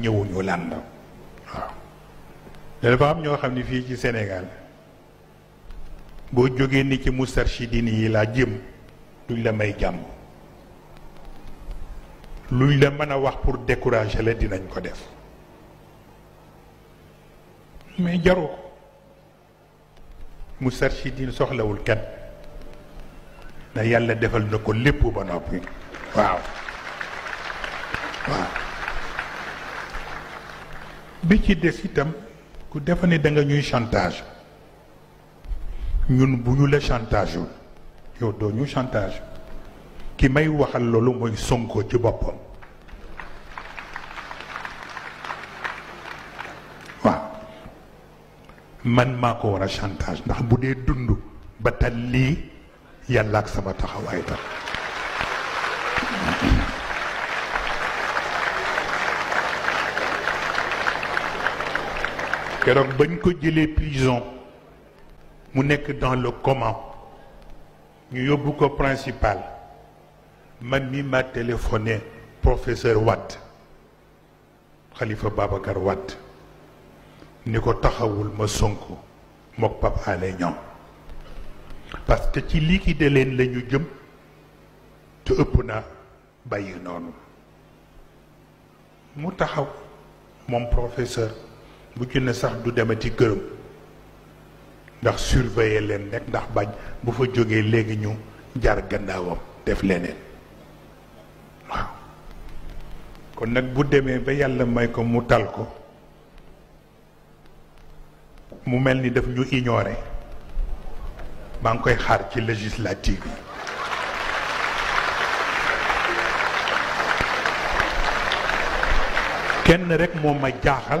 ñëwuñu lan la waaw dafa am ñoo xam ne ci Sénégal boo jógee ni ci mustarshidin yi laa jëm duñ la may jàmm luñ la mën wax pour décourager la dinañ ko def mais jaru mustarshidin soxlawul kat na yàlla defal na lépp ba noppi waaw waaw bi ci des itam ku defa da nga ñuy chantage ñun bu ñu le chantage wul yow doo ñu chantage ki may waxal loolu mooy Sonko ci boppam Wa, man mako ko a chantage ndax bu dee dund ba tal lii ak sama keroog bañ ko jëlee prison mu nek dans le coma ñu yobbu ko principal man mi ma téléphoné professeur Watt, Khalifa Babacar Watt, ni ko taxawul ma Sonko mok Pape Alé parce que ci liquide leen la ñu jëm te ëpp na bàyyi noonu mu taxaw mom professeur bu na ne sax du demati gërëm ndax surveiller leen rek ndax bañ bu fa jógee léegi ñu jar gannaawam def leneen waaw kon nag bu demee ba yàlla may ko mu tal ko mu mel ni daf ñu ignoré maa ngi koy xaar ci législative yi kenn rekk moo ma jaaxal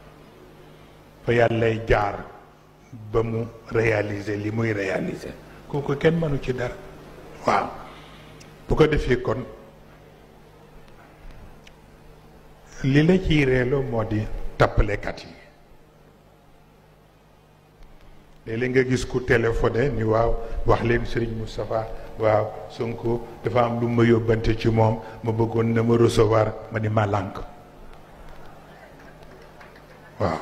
fa yàllay jaar ba mu réaliser li muy réaliser kooku kenn mënu ci dara waaw bu ko defee kon li la ciy reeloo moo di tappalekat yi léeg-léeg nga gis ku téléphoné ni waaw wax leen Serigne Moustapha waaw Sonko dafa am lu ma yóbbante ci moom ma bëggoon na ma recevoir ma ni ma waaw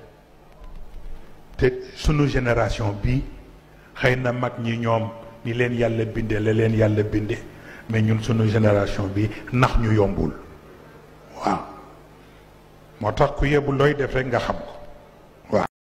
suñu génération bi xëy na mag ñi ñoom ni leen yàlla binde la leen yàlla binde mais ñun suñu génération bi nax ñu yombul waaw moo tax ku yebul looy def rek nga xam ko